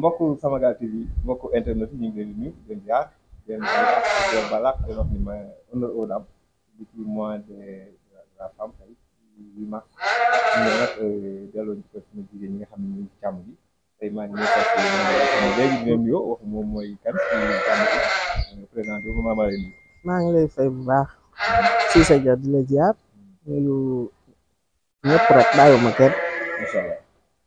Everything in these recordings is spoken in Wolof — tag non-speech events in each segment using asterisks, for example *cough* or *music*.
mbokku Samagal TV mbokku internet ñu ngi leen di nuyu di leen jaar di leen balaax di leen wax ni ma honneur aux dames di ci mois de la femme tey huit mars ñu ne nag euh, delloo ñu ko suñu jigéen ñi nga xam ne ñu ngi càmm bi tey maa ngi ñëw fekk léegi di leen nuyoo wax moom mooy kan ci càmm bi président bi ma leen nuyu. maa ngi lay fay bu baax si sa jot di la jaar nuyu ñëpp rek bàyyiwuma kenn. incha allah.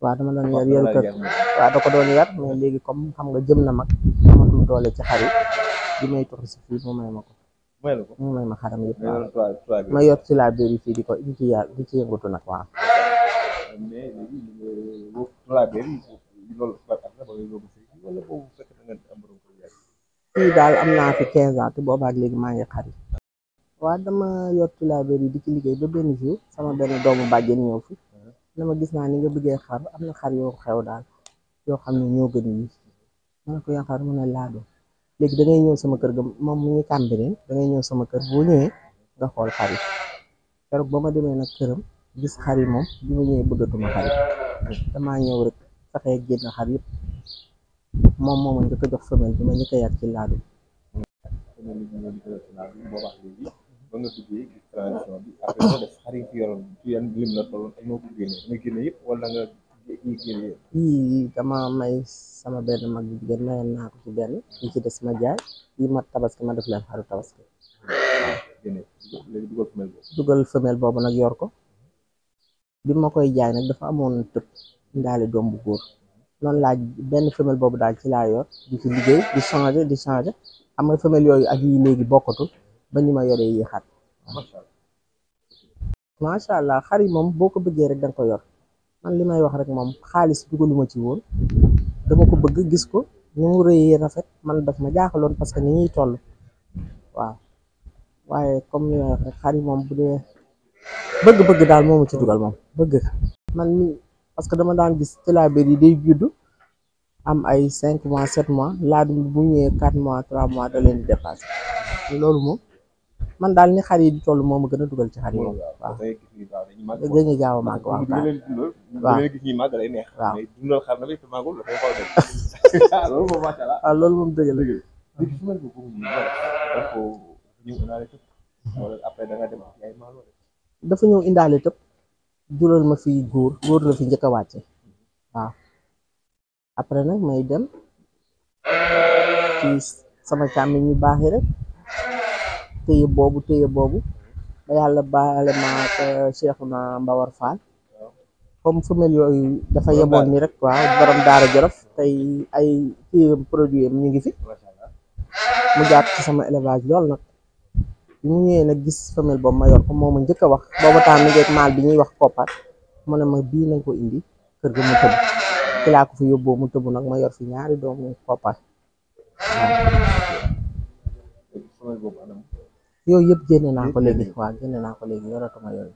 waaw dama doon yar yaru kër waaw ko doon yar léegi comme xam nga jëm na ma ko mu may ma yor ci laa fii di ko di ci yar am naa quinze ans te léegi maa ngi xar yi dama yor ci laa di ci liggéey ba benn jour sama benn doomu bàjjen ñëw fi na ma gis naa ni nga bëggee xar am na xar yoo xew daal yoo xam ne ñoo gën yi ma ne ko yaa xar mu laado léegi da ngay ñëw sama kër ga moom mu ngi da ngay sama kër boo ñëwee nga xool xar yi keroog ba ma demee nag këram gis xar yi moom bi ma ñëwee bëggatuma xar yi damaa ñëw rek saxee génn xar yëpp moom mooma njëkk a jox femelle bi njëkk a ci laado ba nga tuddee gis transition yi dama may sama benn mag bi jigéen mayoon naa ko ci benn ñu ci des ma jaay yi ma tabaski ma def leen xaru tabaski. génne dugal femelle boobu. nag yor ko bi ma koy jaay nag dafa amoon tëb ndaale doom bu góor noonu laa benn femelle boobu daal ci laa yor di ci liggéey di changer di changer am nga yooyu ak yii léegi bokkatu. bañ ma yore yi xat macha allah xari mom boko boo rek dang ko yor man limay wax rek mom xaalis duguluma ci woon dama ko bëgg gis ko ñu mu rafet man daf ma jaaxaloon parce que ni ñi toll waaw waye comme ni wax rek xari mom bu dé bëgg-bëgg daal momu ci dugal mom bëgg man ni parce que dama daan gis tilabéer yi day judd am ay 5 mois 7 mois la laadum bu ñëwee 4 mois 3 mois da leen di dépassé loolu moom man daal ni xar yi di moom a gën a dugal ci xar yi moom waaw dañuy gaaw a màgg waaw waaw loolu moom dëgg dafa ñëw indaale tëb jural ma fi góor góor la fi njëkk a wàcce waaw après nag may dem ci sama càmmiñ ñu baaxi rek téye boobu téye boobu ba yàlla baale ma ak Cheikhouna Mbawar Fall comme femelle yooyu dafa yemoon ni rek waaw borom daara jorof tey ay téyam produit am ngi fi mu jàpp ci sama élevage lool nag bi mu ñëwee nag gis femelle boobu ma yor ko moo ma njëkk a wax booba temps mi maal bi ñuy wax koppar mu ne ma bii ko indi kër nag ma yor fi ñaari doomu koppar yooyu yëpp génne naa ko léegi waaw naa ko léegi yooyu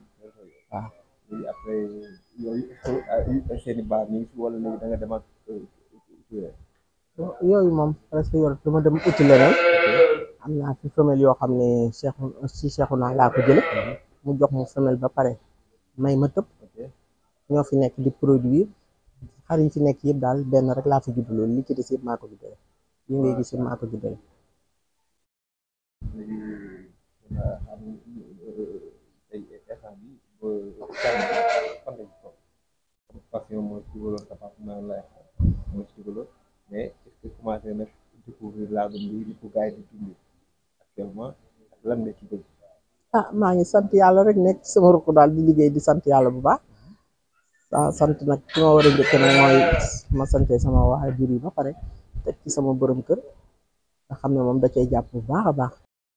waaw. yooyu moom presque yor dama dem uti leneen am naa fi femelle yoo xam ne Cheikh si naa laa ko jële mhm. mu jox mu femelle ba pare may ma tëb ñoo fi nekk di produire xar yi fi nekk yëpp daal benn rek laa fi juddaloon li ci des yëpp maa ko juddale li ngay gis yëpp maa ko juddale passion moo ci dugaloon département lay nag découvrir laagum ah maa ngi sant yàlla rek nekk sama ruq daal di liggéey di sant yàlla bu baax sa sant nag ki ma war a njëkk nag mooy ma sante sama waajur yi ba pare teg ci sama borom kër nga xam ne moom da cay jàpp bu baax a baax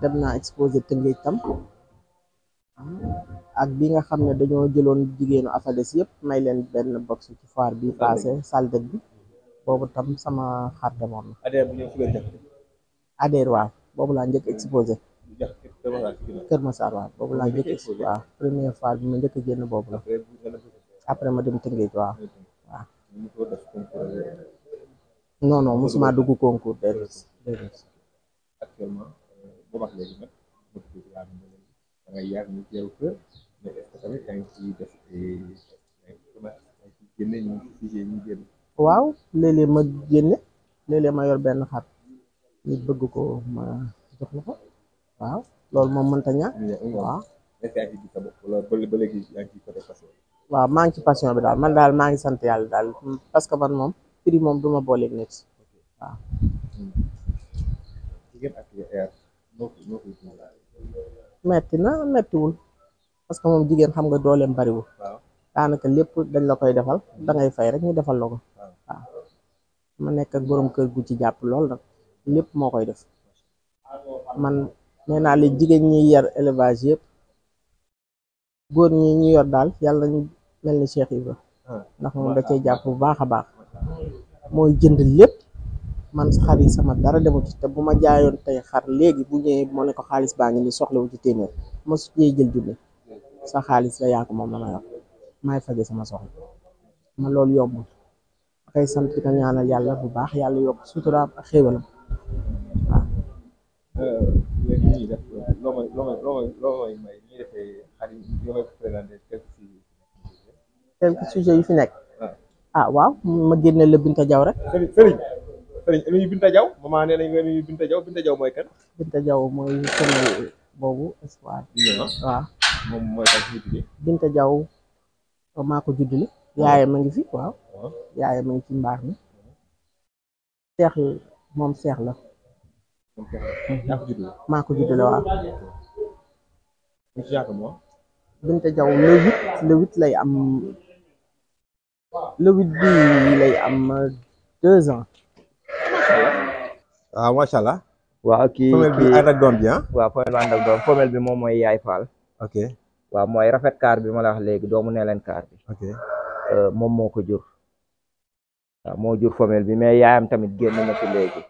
dem naa exposé tëngéej tam ak bi nga xam dañu jëlone jëloon jigéenu afades yëpp may leen benn box ci foire bi passé salle de bi bobu tam sama xar demoon def adèr wa bobu la ñëk exposé Kër Massar waaw boobu laa njëkk exposé wa première fois bi ma ñëk a bobu après ma dem tëngéej wa waaw non non musuma dugg concours déedéet déedéet actuellement Gue léegi nag mu tudd laa ne da ngay yar ñu teew ko mais est ce si tamit yaa ngi ciy def ay commencé ma génne léeg-léeg ma yor benn xar nit bëgg ko ma jox la ko waaw loolu moom mënta ñàkk. waaw passion. waaw maa ngi ci passion bi daal man daal maa ngi sant yàlla daal parce que man moom prix moom du ma booleeg nit waaw metti na metti wul parce que mom jigen xam nga dolem dooleem bariwul daanaka lepp dañ la koy defal da ngay fay rek ñu defal lako ma nek ak borom keur gu ci japp lol nak lepp mo koy def man neena li jigen ñi yar élevage yépp goor ñi ñi yor dal yalla ñu melni ni Cheikh Ibra ah. ndax moom da cay japp bu baaxa baax moy jënd lepp man xar yi sama dara demul ci te bu ma jaayoon tey xar léegi bu ñëwee moo ne ko xaalis baa ngi nii soxlawu ci téeméer ma su ñëwee jël junni sa xaalis la yaa ko moom la ma yor maay faje sama soxla ma loolu yombul kay sant di ko ñaanal yàlla bu baax yàlla yokk sutura ak xéewalam waaw. quelques sujets yu fi nekk. ah waaw ma génne la Binta Jaw rek. nañu Binta Diaw maman nee Binta Diaw mooy kan. Binta Diaw mooy kenn boobu espoir. waaw moom mooy kan Binta Diaw maa ko juddale. yaayam a ngi fi waaw. yaayam a ngi ci mbaar mi. seex moom seex la. maa ko juddale waaw. Binta Diaw le huit le huit lay am le huit bi lay am deux ans. waaw ah, macha allah. waaw kii femelle bi ànd ak doom bi ah. waaw bi ànd doom femelle bi moom mooy yaay faal. ok waaw mooy rafet kaar bi ma léegi doomu ne leen kaar bi. ok euh, moom moo ko jur. moo jur femelle bi mais yaayam tamit génn na ci léegi.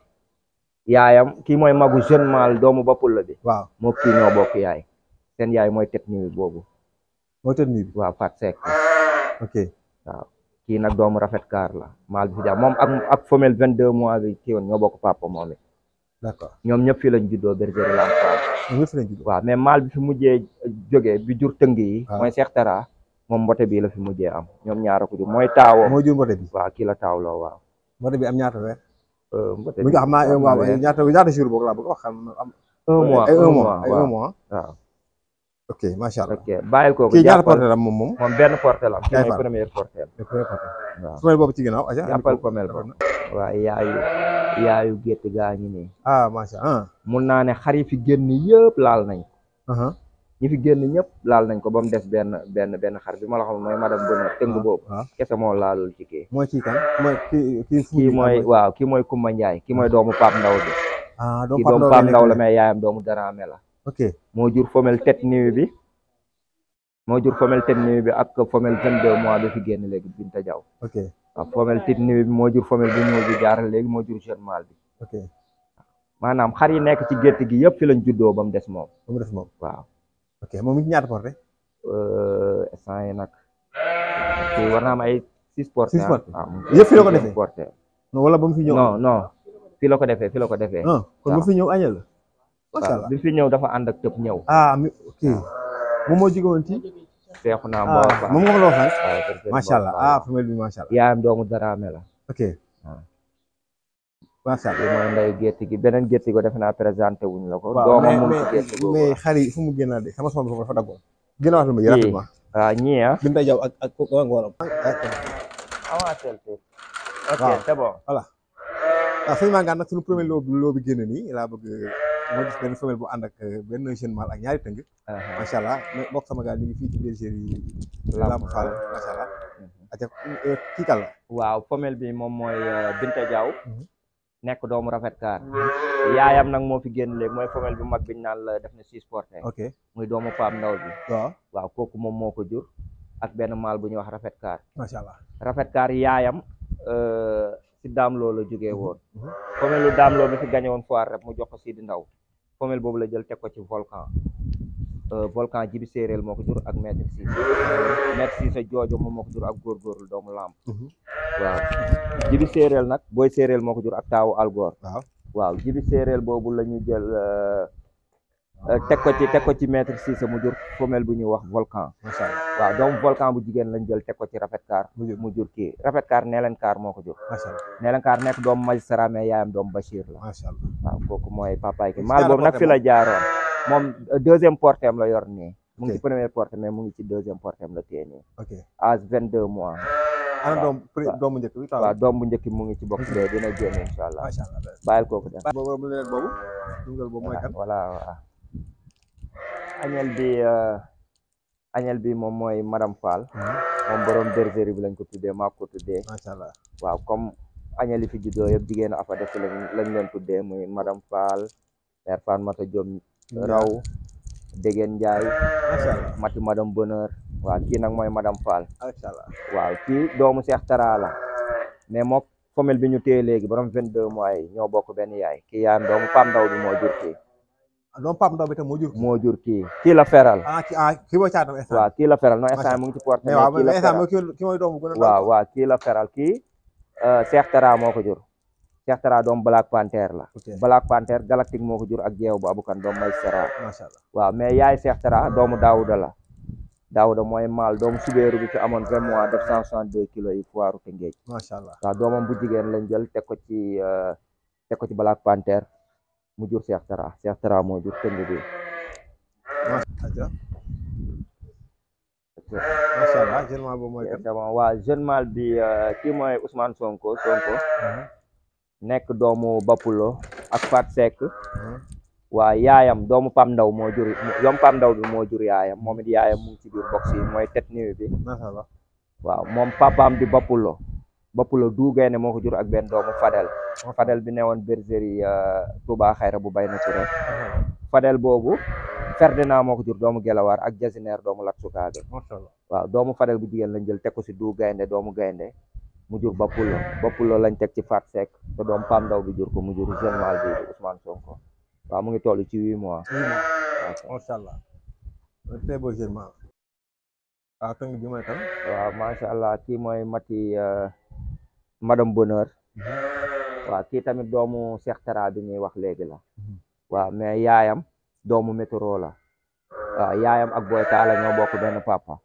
yaayam kii mooy magu jeune mâle doomu boppul la bi. moo kii bokk yaay. seen yaay mooy tët nii boobu. mooy tët nii bi waaw Fatou Seck. ok waaw. kii nag doomu rafet kaar la maal bi fi jaar moom ak ak femelle vingt deux mois bi kii woon ñoo bokk papa moom it d'accord ñoom ñëpp fii lañ juddoo bergerie Lansar ñëpp fii bi fi mujjee jógee bi jur tëng yi ah. mooy Cheikh Tara moom mbote bii la fi mujjee am ñoom ñaara ko jur mooy taawoo mooy jur mbote bi waaw kii la taawloo waaw mbote bi am ñaata weer euh, mbote bi ñaata ñaata boog laa bëgg wax xam am un mois un mois ok macha allah ok bàyyil kooku kii ñaata porté la moom moom moom benn porté la am mooy première porté am waaw su mel boobu ci ginnaaw aja jàppal ko mel boobu waaw yaayu yaayu gétt gaa ngi nii ah macha allah ah. mun naa ne xar yi fi génn yëpp laal nañ ko ñi fi génn ñëpp laal nañ ko ba mu des benn benn benn xar bi ma la xam mooy madame Bono tëng ah, boobu ah. kese moo laalul ci kii mooy kii kan mooy kii kii mooy waaw kii mooy Kumba Njaay kii mooy doomu Pape Ndaw bi kii doomu Pape Ndaw la mais yaayam doomu Daraame la ok moo jur femelle tête nuit bi moo jur femelle tête nuit bi ak femelle vingt deux mois bi fi génn léegi Binta Diaw ok waaw femelle tête nuit bi moo jur femelle bu ñëw bi jaar léegi moo jur jeune mâle bi ok maanaam xar yi nekk ci gétt gi yëpp fi lañ juddoo ba mu des moom ba mu des moom waaw ok moom it ñaata porté euh, instant yi nag kii war am ay six porté six ah. porté ah, yëpp fi la ko defee porté wala ba mu fi ñëw fi la ko defee fi la ko defee ah, kon ba fi Masalah, allah bi fi ñëw dafa ànd ak tëb ah oke. kii mau moo jóge woon ci. seexu naa mboor ba moom nga allah ah famille bi macha allah. yaayam doomu daraame la. Oke. macha allah. mooy ndey gerte gi beneen gerte gi defe naa présenté wuñ la ko. waaw mais mais mais fu mu génnaat de sama sama dafa daggoon. ginnaaw la ma yëg ah ñii ya. Binta Diaw ak ak kooku waram. avancé le ok c'est bon voilà. waaw sëñ Mangane nag sunu premier bëgg ma gis eh, benn femelle bu ànd ak benn jeune mâle ak ñaari tëng macha eh. allah bokk sama gars ñu ngi fii ci bergerie Lamp Fall macha allah mhm. aca eh, kii waaw femelle bi moom mooy Binta Diaw mhm. nekk doomu rafetkaar yaayam nag moo fi génn léegi mooy femelle bi mag bi naan la def na six porté ok muy doomu Pape Ndaw bi waaw kooku moom moo ko jur ak benn mâle bu wax macha allah yaayam si daamloo la jógee woon mhm. lu daamloo mi fi gañe woon foire rek mu jox ko Sidi Ndaw femelle boobu la jël teg ko ci volcan euh, volcan jibi séeréel moo ko jur ak maître si maître si sa joojo moom moo ko jur ak góorgóorlu doomu lamb mhm. waaw jibi séeréel nag booy séeréel moo ko jur ak taawu algoor waaw jibi séeréel boobu la ñu jël euh, euh, teg ko ci teg ko ci maître si sa mu jur femelle bu ñuy wax volcan waaw doomu volcan bu jigéen lañ jël teg ko ci rafet kaar mu jur kii rafet kaar neelen kaar moo ko jur neelen kaar nekk doomu magistrat mais yaayam doomu Bachir la waaw kooku mooy papaay ki maal boobu nag fi la jaaroon moom euh, deuxième portem la yor nii mu ngi ci premier porte mais mu ngi ci deuxième portem la téye nii âge vingt deux mois ana doom doom bu njëkk bi waaw doom bu njëkk mu ngi ci bokk bee dina génn incha allah bàyyil kooku dem boobu boobu mooy kan voilà waaw añel bi euh, añel bi moom mooy madame Fall hmm. moom borom bergerie bi lañ ko tuddee maa ko tuddee macha allah waaw comme añel yi fi juddoo yëpp jigéen afa def lañ lañ leen tuddee muy madame Fall mère Fatmata Diop raw Degen Njaay mati madame Bonheur waaw kii nag mooy madame Fall macha allah kii doomu Seex Tara la mais mook femelle bi ñu téye léegi borom vingt deux mois yi ñoo bokk benn yaay kii yaayam doomu Pam bi moo jur kii doom Pape Ndaw bi tam moo jur. moo jur kii kii la feral. ah kii ah kii mooy caatu instant. waaw kii la feral non instant mu ngi ci porte. mais waaw mais instant kii mooy doomu a. waaw waaw kii la feral kii. Euh, Cheikh Tara moo ko jur. Cheikh Tara doom Black Panther la. Black Panther galactique moo ko jur ak jeew ba abukan doom may Tara. macha allah mais yaay Cheikh tera doom Daouda la. Daouda mooy maal doomu subeeru bi ci amoon vingt mois def cent soixante deux kilos yi foiru te ngeej. macha allah waaw doomam bu jigéen lañ jël teg ko ci euh, teg ci Black Panther. mujur sejahtera sejahtera mujur kan jadi aja masalah Allah, jenma bu moy ya, kan. Wa jenmal bi ki moy Sonko, Nek domo Bapulo ak Fat Seck. waa yaayam pamdau pam ndaw mo jur yom pam ndaw bi mo jur yaayam moom it yaayam mu ngi ci biir box yi tet di bapulo bopp la duugaynde moo moko jur ak ben doomu Fadel Fadel bi newon bergerie euh, Touba Xayra bu ci rek uh-huh. Fadel bobu Ferdinand moko jur doomu gelawar ak Jasineer doomu Latsukaabe waaw doomu Fadel bu digel lañ jël tek ko du duugaynde doomu gaynde mu jur Bapula Bapula lañ tek ci Fat Seck te doom Pam daw bi jur ko mu jur general bi Ousmane Sonko waaw mu ngi tollu ci 8 mois. macha allah. très beau a tang waaw bi mooy kan. waaw allah kii mooy Mati. Euh, madame bonheur *laughs* wa ki tamit doomu Cheikh Tara bi ñuy wax léegi la mhm. wa mais yaayam doomu metro la wa yaayam ak Boy taala ñoo bokk ben papa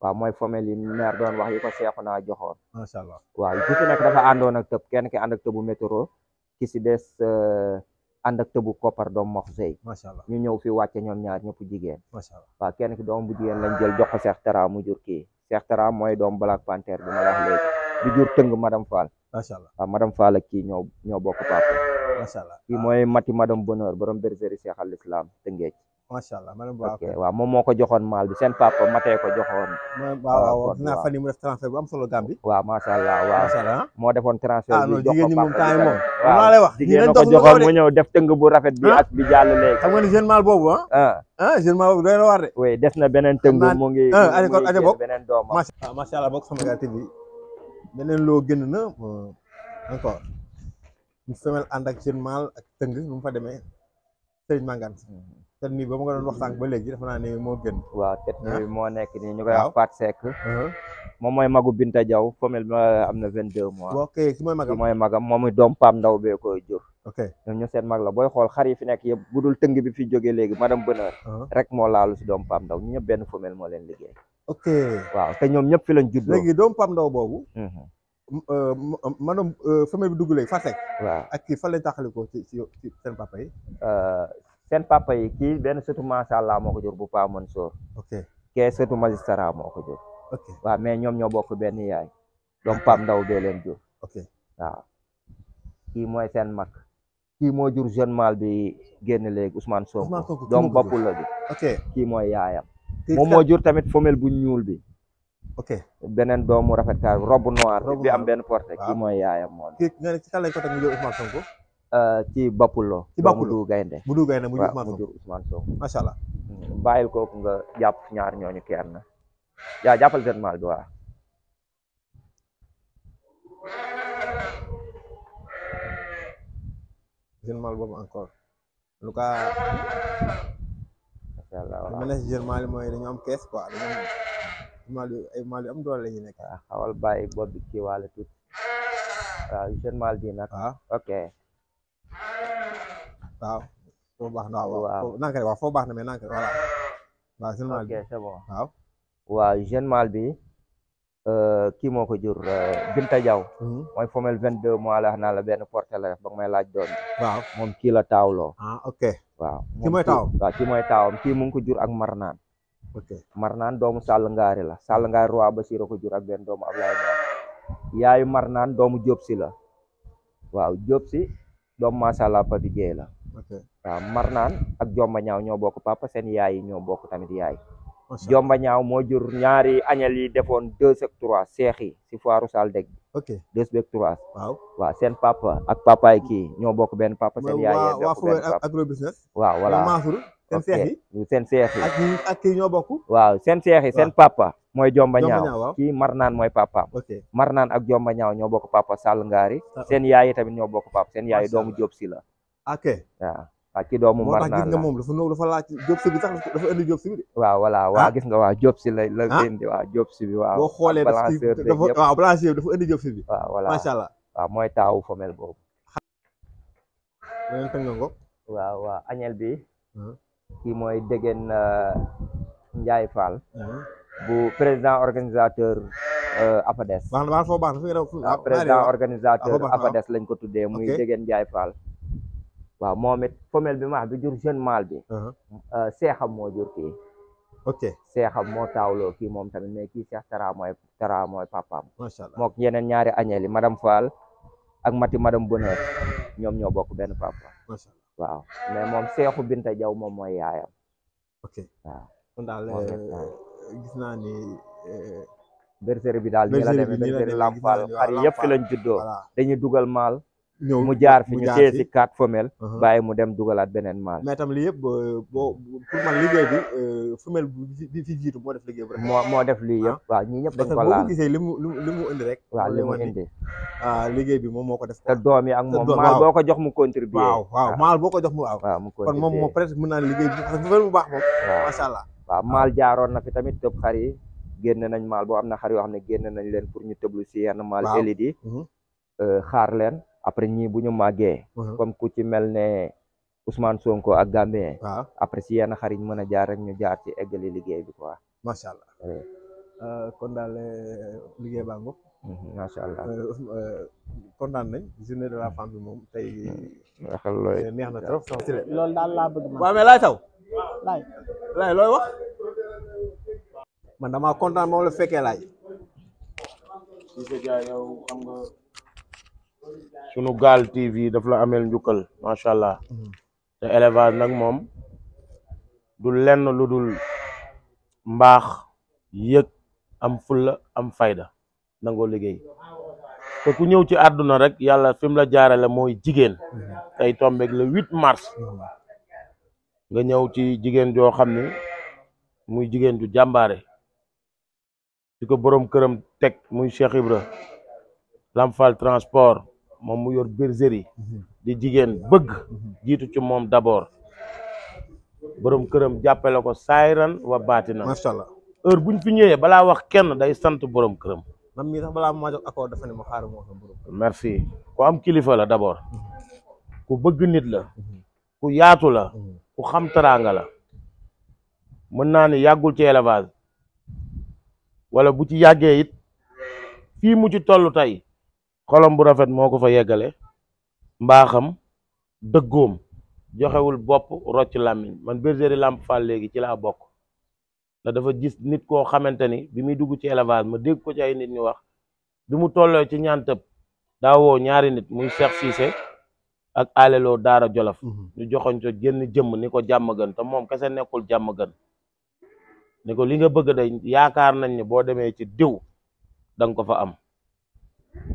wa moy famille yi maire doon wax yi ko seexu joxor ma sha allah wa ku ci nek dafa àndoon ak tëb kenn ki and ak tebu metro ki ci dess euh and ak tebu copar doom max sey ma sha allah ñu ñew fi wacce ñom ñaar ñepp jigen ma sha allah wa kenn ki doom bu jigen lañ jël jox ko Cheikh Tara mu jur ki Cheikh Tara moy doom Black Panther bu ma wax legui di jur teung madame Fall macha allah ah, madame Fall ak kii ñoo ñoo bokk papa macha ki moy mati madame bonheur borom bergerie Cheikh al Islam te ngeej allah madame bokk ok wa mom moko joxone mal bi sen papa maté ko joxoon transfer, naa fan yi mu def transfert bu am solo gambi wa macha wa waaw mo ah. defone transfert ah, bi jox ko mom tay mom moom la lay wax jigéen na ko joxone mo ñëw def teung bu rafet bi ak bi jall leg xam nga ni jeune mal bobu ah ah jeune mal boobu doy na de oui des na benen teung mo ngi mu ngi beneen doomam bokk sama gars TV beneen loo génn na encore une femelle ak seen maal mu fa demee sëriñ Mangane mhm. te nii ba ma nga doon wax sànq ba léegi dafa naa ne moo gën waaw tet bi ah. moo nekk nii ñu koy a Faat Seck uh-huh. moom mooy magu Binta Diaw femelle bi am na vingt deux mois ok ki mooy magam mooy magam moom doom Paam Ndaw bee koy jur ok ñoom ñu seen mag la booy xool xar yi fi nekk yëpp bu dul tëng bi fi jóge léegi madame Bonheur uh-huh. rek moo laalu si doom Paam Ndaw ñu ñëpp benn femelle moo leen liggéey ok waaw te ñoom ñëpp fi lañ juddoo. léegi doomu Pape Ndaw boobu. Mhm. Euh, euh, maanaam euh, famille bi dugg léegi Fatek. waaw ak kii fan lañ ci ci seen papa yi. seen papa yi kii benn sëtu macha allah moo ko jur bu Pa Mansour. ok kee sëtu magistrat moo ko jur. waaw mais ñoom ñoo bokk benn yaay. doomu Pape Ndaw bee leen jur. ok waaw kii mooy seen mag. kii moo jur jeune bi génn léegi Ousmane Sonko. Ousmane Sonko doomu boppul la kii mooy yaayam. moom mo jur tamit femelle bu ñuul bi. ok benen doomu rafet rafetkaar robe noir bi am benn porte ki moy yaayam mo ki nga ne ci kan lañ ko tak ñu jox Ousmane Sonko. euh ci Bapulo. ci Bapulo du gaynde bu du gaynde mu jox Ousmane Sonko Ousmane Sonko. macha allah. ko mm, ko nga japp ñaar ñoñu kenn ya jappal seen mal bi waa. mal bobu encore en tout cas macha si jël maal mooy dañoo am kees quoi dañoo am maal yu ay maal yu am doole la ñu nekk. waaw xawal bàyyi bopp bi waaw jël maal bi nag. waaw waaw. foo baax na waaw nanka waaw foo baax na mais nanka voilà. waaw jël bi jeune mâle bi euh, kii moo ko jur euh, Binta Diaw mhm. mooy femelle vingt deux mois la wax naa la benn porté la may laaj doon waaw moom kii la taawloo ah, waaw ci mooy taaw waaw ci mooy taawam kii mu ngi ko jur ak marnaan marnaan doomu sàll ngaari la sàll ngaari roi Basiir ko jur ak benn doomu Ablaye yaayu marnaan doomu Jóob la waaw Jóob si doomu masala Papi Jeey la waaw marnaan ak jomba ñaaw ñoo bokk papa seen yaay yi ñoo bokk tamit yaay jomba ñaaw moo jur ñaari añal yi defoon ak yi si foiru Saldeg ok deux beeg waaw waaw seen papa ak papaay kii ñoo bokk benn papa. seen yaayee bokk benn papa waaw voilà Mansour seen seex yi seen bokk. waaw seen seex seen papa. mooy Jomba Ñaaw kii Marnaan mooy papaam. Marnaan ak Jomba Ñaaw ñoo bokk papa Sall Ngaari. Ah, seen yaay yi tamit ñoo bokk papa seen yaay doomu Diop si la. Ah, ok waaw. waaw ci doomu mar la moom dafa dafa laaj Diop sax dafa indi Diop si de. waaw voilà waa ah. gis nga waa Diop si la la ah. indi waa bi waaw. boo xoolee dafa waaw balanceur dafa indi Diop mooy taawu femelle boobu. beneen tënk bi. Hmm. kii mooy Degen euh, Ndiaye Fall. Hmm. bu président organisateur euh, APADES. baax na baax na foofu baax na ah, président organisateur APADES lañ ko tuddee muy Degen Ndiaye Fall. waaw moom it bi maax bi jur jeune mâle bi. Uh-huh. Euh, seexam moo jur kii. ok seexam moo taawloo kii moom tamit mais kii seex tara mooy tara mooy papaam. macha allah mook yeneen ñaari añeel yi madame Fall ak mati madame Bonheur ñoom ñoo bokk benn papa. waaw mais moom seexu Binta Jaw moom mooy yaayam. ok waaw daal euh, gis naa ni. Euh, bergerie bi daal nii la demee bergerie Lamp dugal maal. mu jaar fi ñu téye si quatre femelle uh-huh. bàyyi mu dem dugalaat beneen mâle mais tam lii yëpp euh, boo pour man liggéey euh, bi fi jiitu moo def liggéey bi moo moo def lii yëpp ah. waaw ñii ñëpp dañ ko laal li mu li mu indi rek waaw li mu indi ah liggéey bi moom moo ko def te doom yi ak moom mâle boo ko jox mu contribuer waaw boo ko jox mu waaw waaw mu kon moom moom peut liggéey bu baax moom macha allah waaw ah. mâle fi tamit tëb xar yi génn nañ mâle boo am na xar yoo xam ne génn nañ leen pour ñu tëblu si yenn mâle élite yi xaar leen après ñii bu ñu màggee. Uh-huh. comme ku ci mel ne Ousmane Sonko ak Gambien. waaw après si yenn xarit mën a jaar rek ñu jaar ci eggali liggéey bi ko macha allah. Euh, kon daal euh, liggéey baa ngoog. Mm-hmm, macha allah euh, kontaan nañ journée la mm-hmm. mm-hmm. daal laa bëgg man. waaw mais laay taw. laay looy wax. man damaa kontaan moom la fekkee laay. sunu gaal TV daf la ameel njukkal macha allah te élevage nag moom du lenn lu dul mbaax yëg am fulla am fayda nangoo liggéey te ku ñëw ci àdduna rek yàlla fi la jaarale mooy jigéen tey tombeeg la huit mars nga ñëw ci jigéen joo xam ne muy jigéen ju jàmbaare di ko boroom këram teg muy Cheikh Lamfal transport moom mu yor bergerie mhm. di jigéen bëgg mhm. jiitu ci moom d'abord borom këram jàppale ko saayran wa baatina macha allah heure buñ fi ñëwee balaa wax kenn day sant borom këram man mii sax balaa maa jox accord dafa ne ma xaaral ku am kilifa la mhm. ku bëgg nit la ku yaatu la ku xam taraanga la mën naa ne yàggul ci élevage wala bu ci yàggee it fi mu ci toll tey xolom bu rafet moo ko fa yeggale mbaaxam dëggoom joxewul bopp rocc làmmiñ man bergerie làmp Fall léegi ci laa bokk ndax dafa gis nit koo xamante ni bi muy dugg ci élevage ma dégg ko cay nit ñu wax bi mu tolloo ci ñaan tëb daa woo ñaari nit muy Cheikh Cissé ak aleloo Daara Jolof mhm. ñu joxoñ ko génn jëmm ni ko jàmm gën te moom kese nekkul jàmm gën ko li nga bëgg day yaakaar nañ ne boo demee ci diw danga ko fa am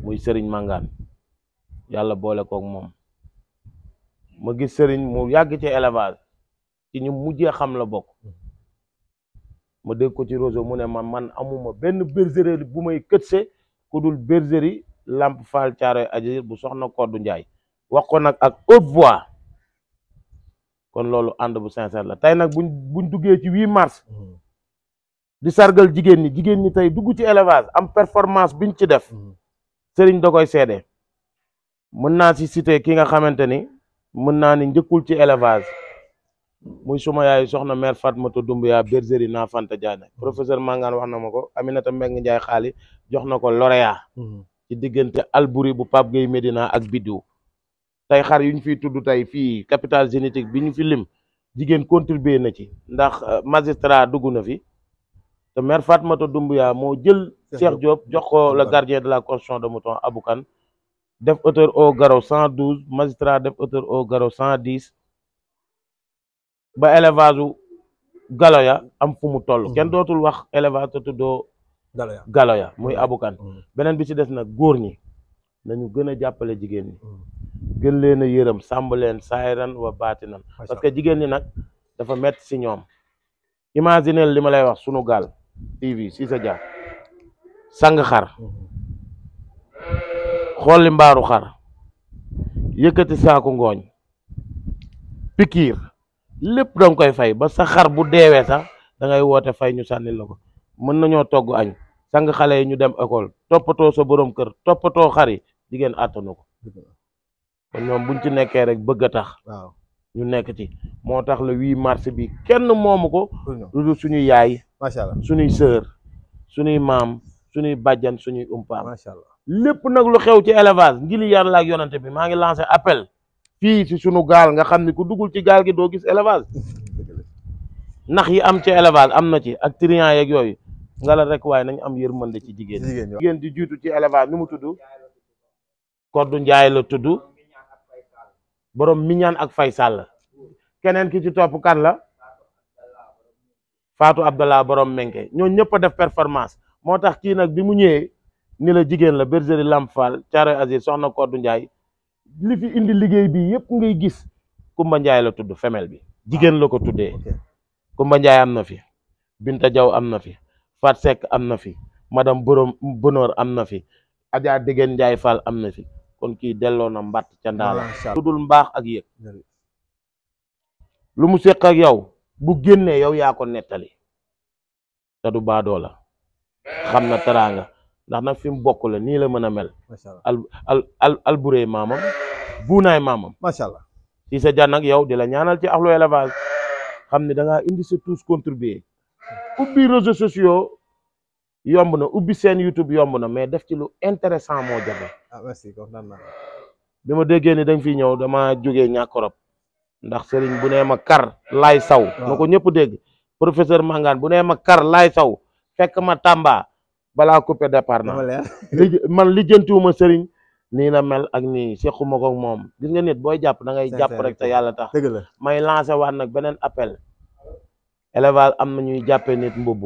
muy sëriñ màngaan yàlla boole kook moom ma gis sëriñ mu yàgg ci élevage ci ñu mujjee xam la bokk ma dégg ko ci réseau mu ne ma man amuma benn bergerie bu may këtse ku dul bergerie Lamp Fall Caaroy Ajir bu soxna Koddu Njaay wax ko nag ak haute voix kon loolu ànd bu sincère la tey nag buñ buñ duggee ci 8 mars mm-hmm. di sargal jigéen ñi jigéen ñi tey dugg ci élevage am performance biñ ci def mm-hmm. sëriñ da koy seede mën naa ci citer ki nga xamante ni mën naa ni njëkkul ci élevage muy suma yaay soxna mère Fatmata Doumbouya bergerie naa Fanta Diagne professeur Mangane wax na ma ko Aminata Mbengue Ndiaye xaali jox na ko lauréat mhm. ci diggante Albouri bu Pape Gueye Medina ak Bidiw tey xar yu ñu fiy tudd tey fii capital génétique bi ñu fi lim jigéen contribué na ci ndax euh, magistrat dugg na fi te mère Fatmata dumbuya mo jël Cheikh Diop jox ko le gardien de la constitution de Mouton Abou def auteur au garo 112 magistrat def auteur au garo 110 ba élevage galoya am fu mu toll ken mhm. dotul wax élevage te tuddoo galoya muy mhm. Abou Kane mhm. beneen bi ci des nak gor ñi nañu gëna jappalé jigen ñi gën leena sayran wa batinan parce que jigen ñi nak dafa metti ci ñom imaginer li ma lay wax suñu gal TV si Dia sang xar xolli mbaru xar yëkkati saaku pikir, pikir lepp dang koy fay ba sa xar bu deewee sa da ngay woote fay ñu sànni lako mën nañu togg añ sang xalé ñu dem école topato sa borom kër topato xari yi jigéen ko kon ñom buñ ci nekké rek bëgg tax waaw ñu nekk ci motax le 8 mars bi kenn momuko du suñu yaay Masyaallah. Sir, suñuy sœur suñuy mam, suñuy badjan, suñuy umpa. Masyaallah. allah nak lu xew ci élevage ngir yàlla ak yonenté bi ma ngi lancer appel fi ci suñu gal nga xamni ku duggul ci gal gi do gis élevage *laughs* nax yi am ci élevage am ci ak triant yak yoy. nga la rek way nañ am yermande ci jigen. Jigen di jitu ci élevage numu tuddu. tudd Koddu Njaay la tuddu. borom minyan ak Faisal. Kenen ki ci top kan la Fatou Abdallah borom Menke ñoo ñëpp a def performance moo tax kii nag bi mu ñëwee ni la jigéen la bergerie Lamp Fall Thiaroye Azur soxna Koddu njaay li fi indi liggéey bi yëpp ngay gis Kumba Ndiaye la tudd femelle bi jigéen la ko tuddee Kumba Ndiaye am na fi Binta Diaw am na fi Fat Seck am na fi madame borom am na fi Adja Dégène njaay Fall am na fi kon kii delloo na mbatt ca ndaala lu mbaax ak yëg lu mu séq ak yow bu génnee yow yaa ko nettali te du baadoo la xam na teraanga ndax nag fi mu bokk la nii la mën a mel. macha allah al al al alburey maamam buunaay maamam. si sa jan nag yow di la ñaanal ci axlu élevage xam ne danga ngaa indi sa contribuer ubbi réseaux sociaux yomb na ubbi seen YouTube yomb na mais def ci lu intéressant moo jafe. ah ma déggee ni da fi ñëw dama jógee ñàkk Europe ndax sëriñ bu makar, ma kar lay saw nako ko ñëpp dégg professeur Mangane bu nee ma kar lay saw fekk ma Tamba bala coupé départ na man sëriñ ni na mel ak nii sequma ko mom. gis nga nit boy japp da ngay japp rek ta yalla tax may lancer waat nak benen appel élevage am na ñuy jàppee nit mbubb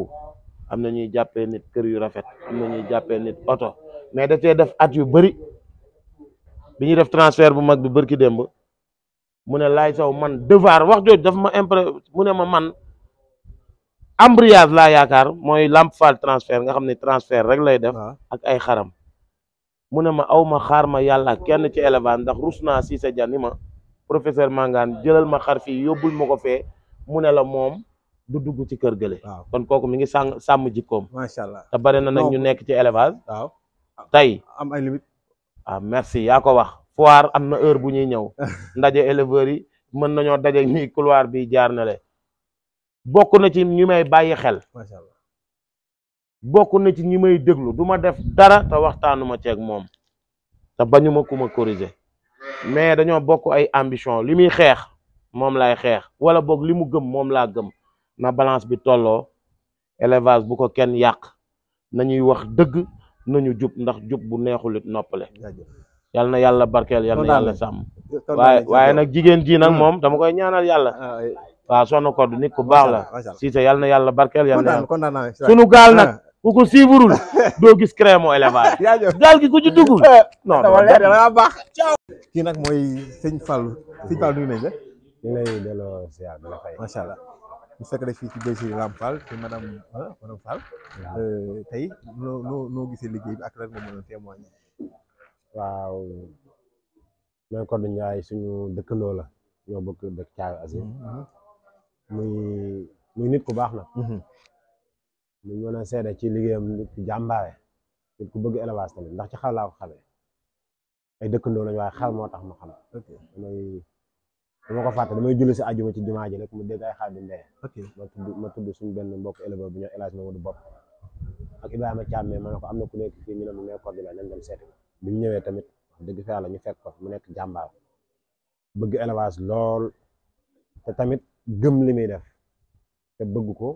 am na ñuy nit kër yu rafet am na ñuy jàppee nit auto mais da beri. def at yu bari biñu def transfert bu mag bi barki demb mune lay saw man devoir wax joj daf ma impré mu ma man embrayage la yakar moy Lamp Fall transfert nga xamni transfert rek lay def ak ay xaram mune ma awma ma xaar ma yalla kenn ci élevage ndax rusna si sa jani ma professeur Mangane jëlal ma xar fi yobul mako fe mune la mom du dugg ci kër gele kon koku mi ngi sàng sàmm jikkoom macha allah te na nak ñu nekk ci élevage waaw tay am ay limite ah merci ya ko wax foire am na heure bu ñuy ñëw *laughs* ndaje éleveurs yi mën nañoo daje ñuy couloir bi jaar na le bokk na ci ñu may bàyyi xel macha bokk na ci ñi may déglu du ma def dara te waxtaanuma ceeg moom te bañuma ku ma corriger mais dañoo bokk ay ambition li muy xeex moom lay xeex wala boog li mu gëm moom laa gëm na balance bi tolloo élevage bu ko kenn yàq nañuy wax dëgg nañu jub ndax jub bu neexulit noppale Yalla yalla barkel yalla yalla sam yàlla sàmm nak jigen ji nak hmm. mom dama koy ñaanal yàlla ah, waaw soxna Codou nit ku baax la Cissé te na yalla barkel yal sunu gal nak ah. ku ko siburul *laughs* do gis crémo élevage *laughs* gaal gi ku ci dugul *laughs* eh, non da baax kii nak moy sëñ Fallou sëñ Fallou nuyu neñ la ñu lay delo ziar bi fay macha allah ñu fekk la fii ci bergerie lampal. Fall ci madame ah, madame Fall Euh, noo noo noo gisee liggéey bi ak lan nga mën témoigner waaw mais Codé Ndiaye suñu dëkkandoo la ñoo bokk dëkk Thiaw mm-hmm, mm-hmm. muy muy nit ku baax na nag. ñu mm-hmm. mën a seede ci liggéeyam nit ku jàmbaare nit ku bëgg élevage tamit ndax ci xal laa ko xamee ay dëkkandoo lañ waaye xal moo tax ma xam. ok damay dama ko fàtte damay julli si àjjuma ci jumaa ji rek mu dégg ay xaal di ndee. ma tudd ma benn mbokk éleveur bu ñu élevage Mamadou Bopp ak Ibrahima Thiam ma ne am na ku nekk fii ñu ne mu nekkoon di la nañ dem seeti ko. bi ñëwee tamit wax dëgg fa ñu fekk ko mu nekk jàmbaar bëgg élevage lool te tamit gëm li muy def te bëgg ko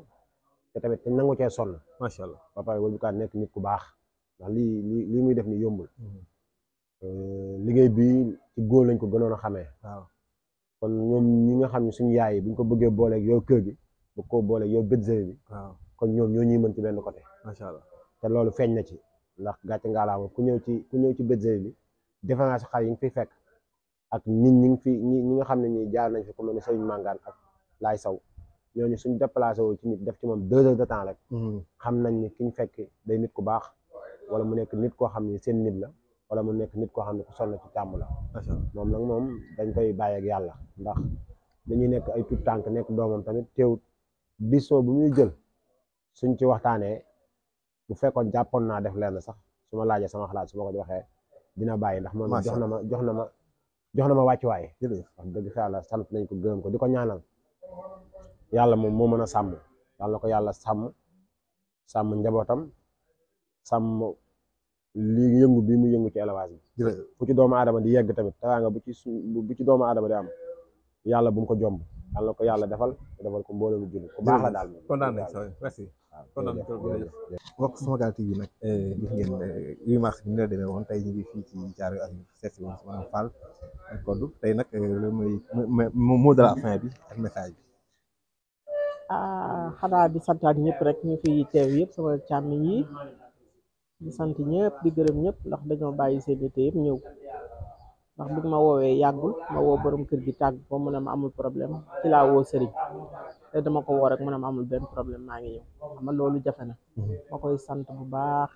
te tamit te nangu cee sonn macha allah ba pare kaa nekk nit ku baax ndax lii lii lii muy def ni yombul mhm. euh, liggéey bi ci góor lañ ko gënoon a xamee waaw kon ñoom ñi nga xam ne suñu yaay bu ñu ko bëggee booleeg yow kër gi bu ko booleeg yow bët bi kon ñoom ñoo ñuy mën ci benn côté macha allah te loolu feeñ na ci ndax gàcce ngaalaama ku ñëw ci ku ñëw ci bergerie bi différence xar yi nga fiy fekk ak nit ñi ngi fi ñi ñi nga xam ne ñi jaar nañ fi ku mel ne Serigne Mangane ak Laay Saw ñoo ñooñu suñ déplacé wu ci nit def ci moom deux heures de temps mm-hmm. xam nañ ni ki ñu fekk day nit ku baax wala mu nekk nit koo xam ne seen nit la wala mu nekk nit koo xam ne ku sonn ci càmm la moom nag moom dañ koy bàyyi ak yàlla ndax dañuy nekk ay tout tànk nekk doomam tamit teewut décision bu muy jël suñ ci waxtaanee bu fekkoon jàppoon naa def lenn sax su ma laajee sama xalaat su ma ko waxee dina bàyyi ndax moom jox na ma jox na ma jox na ma wàccuwaay wax dëgg fa yàlla sant nañ ko gërëm ko di ko ñaanal yàlla moom moo mën a sàmm yàlla ko yàlla sàmm sàmm njabootam sàmm lii yëngu bi mu yëngu ci élevage bi bu ci doomu aadama di yegg tamit teraanga bu ci bu ci doomu aadama di am yàlla bu ko jomb yàlla ko yàlla defal defal ko mbooloo mu julli ku baax la daal waaw iya, iya, iya. sama nag TV nag gis ngeen huit mars bi la demee woon tey ñu ngi ci Thiaroye ak seet si woon de la fin bi ak message bi ah di santaat ñëpp rek ñu fi teew yëpp sama càmmiñ yi di sant ñëpp di gërëm ñëpp ndax dañoo bàyyi seen yite yëpp ndax ma ma borom kër gi ma amul problème ci sëriñ te dama ko woo rek mu ne ma amul benn problème maa ngi ñëw xam loolu jafe na mhm. ma koy sant bu baax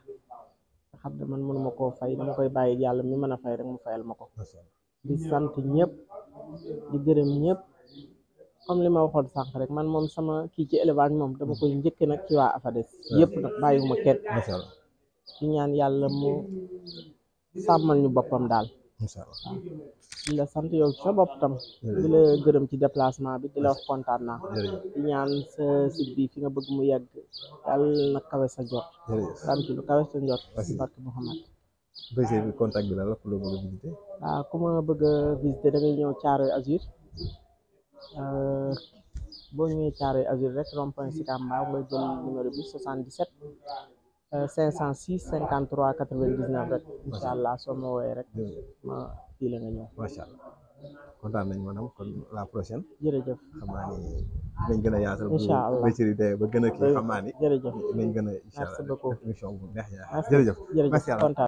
nga xam ne man mënuma koo fay dama koy bàyyi yàlla mi mën a fay rek mu fayal ma ko di sant ñëpp di gërëm ñëpp comme li ma waxoon sànq rek man moom sama kii ci élevage moom dama koy njëkk nag ci waa AFADES yëpp nag bàyyiwuma kenn di ñaan yàlla mu sàmmal ñu boppam daal incha allah la sant yow ci sa bopp tam di la gërëm ci déplacement bi di la wax kontaan naa di ñaan sa site bi fi nga bëgg mu yegg yàlla na kawe sa jot am ci lu kawe sa jot ci barke Muhammad bésee bi contact bi la la pour mën a visiter ah, ku ma bëgg a visiter da ngay ñëw Caaroy euh, boo ñëwee Caaroy Azur rek rond point Sicap Mbao jël numéro bi 77 506 53 99 rek incha allah soo ma woowee rek ma fii la nga ñëw macha allah nañ maanaam kon la prochaine jërëjëf xam naa ni gën a yaatal incha allah ba gën a kii xam naa ni jërëjëf dinañ gën a incha allah émission bu neex jërëjëf